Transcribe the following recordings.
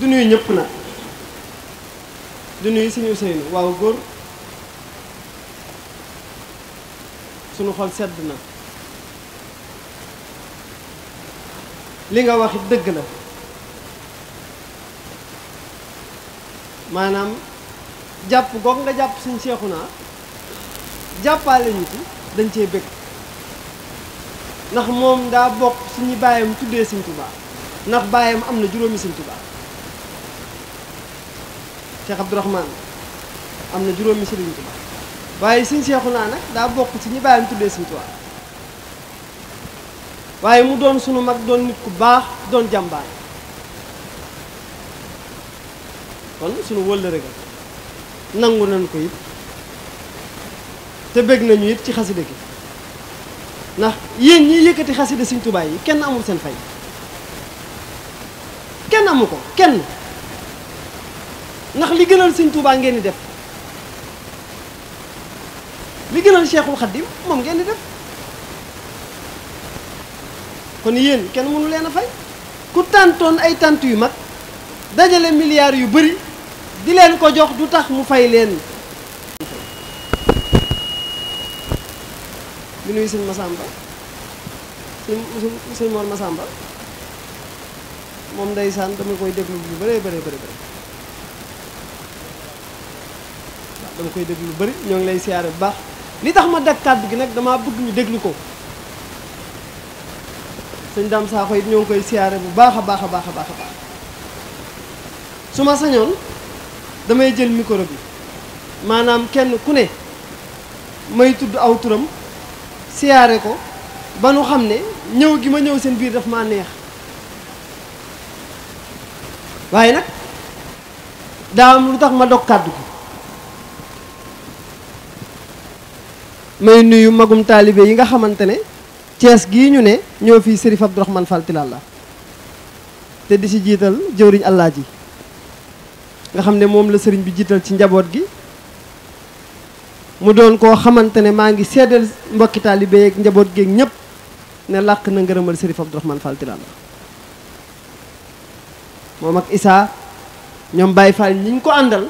du nuyu ñëpp nag du nuyu suñu Seynu waaw góor sunu xol sedd na li nga wax dëgg la maanaam jàpp goog nga jàpp suñ seexu naa jàppale ñu ci dañ cee bëgg ndax moom daa bokk suñu baayam tuddee Sëñ ndax baayam am na juróomi Sëñ Tuubaa Cheikh Abdourahman am na juróomi Sëriñ Tuubaa waaye seexu naa nag daa bokk ci ñi bàyyam tuddee Sëriñ Tuubaa waaye mu doon sunu mag doon nit ku baax doon jàmbaar kon sunu wëllëre ga nangu nañ ko it te bëgg nañu it ci xasida gi ndax yéen ñiy yëkkati xasida Sëriñ Tuubaa yi kenn amul seen fay kenn amu ko kenn ndax li gënal sëñ Touba ngeen di def li gënal Cheikhul Khadim moom ngeen di def kon yéen kenn mënu leen a fay ku tàntoon ay tànt yu mag dajale milliards yu bari di leen ko jox du tax mu fay leen bi nuyu sëñ Massamba sëñ sëñ Mor Massamba moom ndeysaan dama koy déglu bu bëree bëree bëri bëri dama koy déglu lu bari ñoo ngi lay siyaare bu baax li tax ma dag kàddu gi nag damaa bëgg ñu déglu ko sëñ Dame Sakho it ñoo ngi koy siyaare bu baax a baax a baax a baax su ma sañoon damay jël mikoro bi maanaam kenn ku ne may tudd aw turam siyaare ko ba nu xam ne ñëw gi ma ñëw seen biir daf maa neex waaye nag daa am lu tax ma dog kàddu gi may nuyu magum talibé yi nga xamantene ties gi ñu ne ñoo fi serif abdourahman Fall Tilala te di ci jital jëwriñ allah ji nga xamné ne moom la sëriñ bi jital ci njabot gi mu doon ko xamantene ma ngi sédel mbokki talibé ak njabot gi ñep né lak na ngeureumal serif abdourahman Fall Tilala ak isa ñom Baye Fall ñi ko andal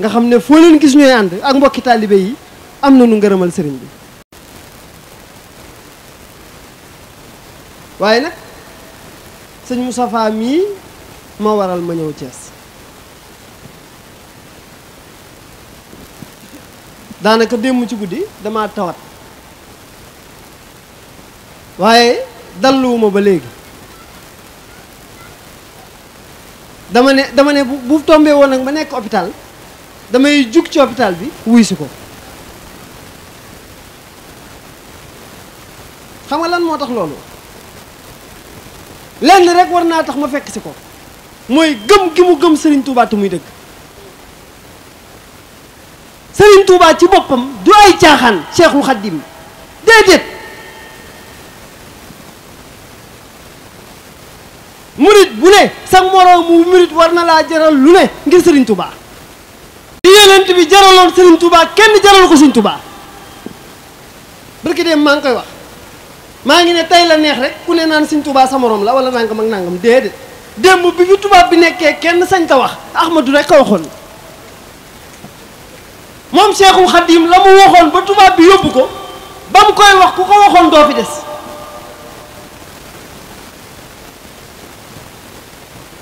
nga xamné ne leen gis ñoy and ak mbokki talibé yi am na nañu ngërëmal sëriñ bi waaye nag sëñ Moustapha mii moo waral ma ñëw cees daanaka démb ci guddi dama tawat waaye dalluwuma ba léegi dama ne dama ne bu bu tombee woon nag ma nekk hôpital damay jug ci hôpital bi wuy ko xam lan moo tax loolu lenn rek war naa tax ma fekk si ko mooy gëm gi mu gëm sëriñ Touba te muy dëgg sëriñ Touba ci boppam du ay caaxaan Cheikhul Khadim déedéet murit bu ne sax moroom mu murit war na laa jaral lu ne ngir sëriñ Touba. li yonent bi jaraloon Serigne Touba kenn jaral ko Serigne Touba barki dem maa ngi koy wax. ma ngi ne tay la neex rek ku ne naan seigne touba sa morom la wala nangam ak nangam dede dem bi fi touba bi nekké kenn sañ ta wax Ahmadu rek a waxon mom cheikhou khadim lamu waxon ba touba bi yobbu ko bam koy wax ku ko waxon do fi dess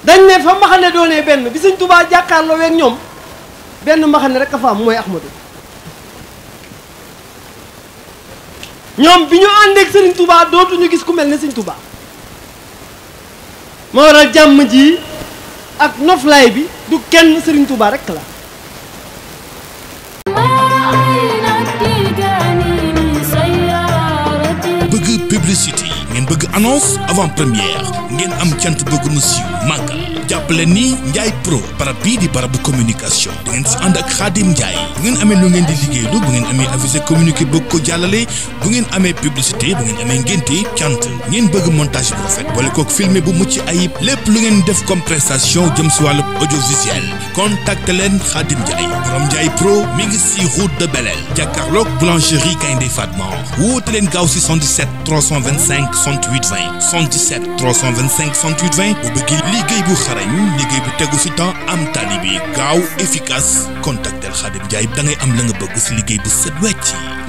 dañ ne fa mbaxane ben bi mbaxane rek ka fa am ñoom bi ñu àndeek Serigne Touba dootuñu gis ku mel ne Serigne Touba moo waral jàmm ji ak noflaay bi du kenn Serigne Touba rek la. ngeen bëgg annonce avant ngeen am cant bëgg mu jàppale ni Ndiaye Pro barab bii di barabu communication di ngeen si ànd ak Khadim Ndiaye bu ngeen amee lu ngeen di liggéeylu bu ngeen amee avisé communiqué bëgg ko jàllale bu ngeen amee publicité bu ngeen amee ngénte cant ngeen bëgg montage bu rafet boole kook filmé bu mucc ayib lépp lu ngeen def comme prestation jëm si wàllu audiovisuel contacte leen Khadim Ndiaye borom Ndiaye Pro mi ngi si route de Belel jàkkaarloog boulangerie Gaynde Fatma wóote leen gaaw si 77 325 68 20 77 325 68 20 bu xarañ liggéey bu tegu si temps am tali bi gaaw efficace contactel Khadim Ndiaye da ngay am la nga bëgg si liggéey bu set wecc